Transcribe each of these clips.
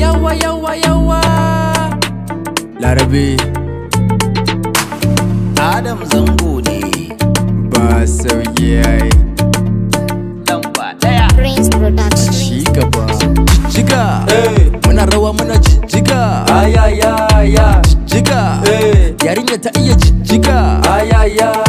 Yawa yawa yawa Larabe Adam zango ne Ba sauye yayi Lamba daya Prince Production Shi gaba Jiga eh. Muna rawa muna jijjiga Ayayaya Jijjiga eh. Yarinya ta iya jijjiga Ayayaya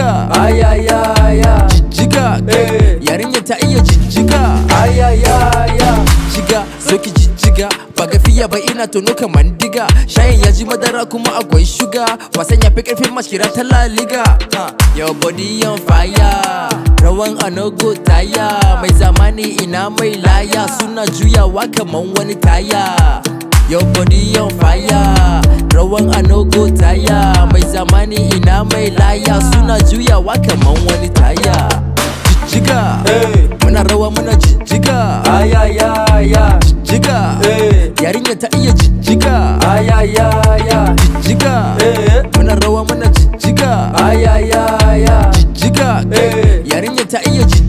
jijjiga ayayaya jijjiga eh, eh. yarinya ta iya jijjiga ayayaya jijjiga soki jijjiga ba gafiya ba ina tono kamar diga shayin ya ji madara kuma akwai shuga wasan ya fi karfin mashira ta laliga your body on fire rawan anogo taya mai zamani ina mai laya suna juyawa kaman wani taya Yo body on fire Rawan anogo taya Mai zamani ina mai laya Suna juyawa kaman wani taya Jijjiga eh. Muna rawa muna jijjiga Ayayaya Jijjiga Yari eh. Yarinya ta iya jijjiga Ayayaya Jijjiga eh. Muna rawa muna jijjiga Ayayaya Jijjiga Yari Yarinya ta iya jijjiga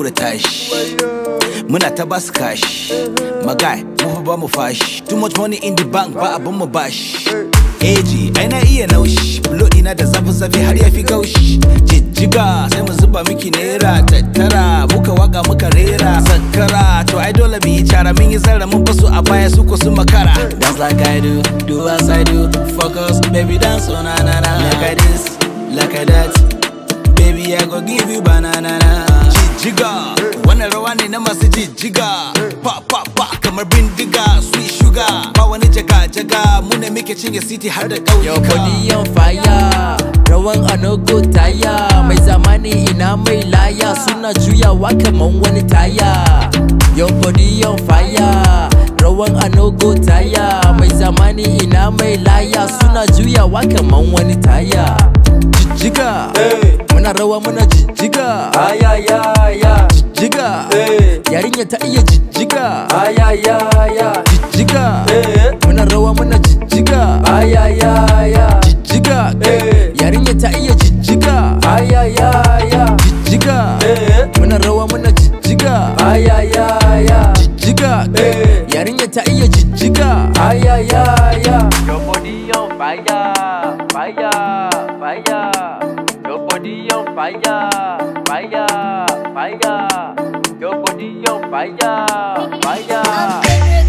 tura tashi muna ta basu kashi magai mafi ba mu fashi too much money in the bank ba abin mu bashi eji aina iya naushi bulodi na da zafi zafi har ya fi gaushi jijjiga sai mu zuba miki naira tattara muka waka muka rera sakkara to ai dole mu yi cara mun yi zarra mun basu a baya su ko sun makara dance like i do do as i do focus baby dance on oh, na na like i this like i that baby i go give you banana jijjiga wannan rawa ne na masu jijjiga pa pa pa kamar bindiga sweet sugar ba wani jaga jaga mu ne muke cinye city har da ƙauyuka yo body on fire rawan anogo taya mai zamani ina mai laya suna juyawa kamar wani taya yo body on fire rawan anogo taya mai zamani ina mai laya suna juyawa kamar wani taya jijika eh. munarawa muna jijika jijika eh. yarinyeta iye jijika jijika eh. munarawa muna jijika jijika yarinyeta iye jijika jijika munarawa muna jijika jijika yarinyeta iye jijika fire, fire, fire. Your body on fire, fire.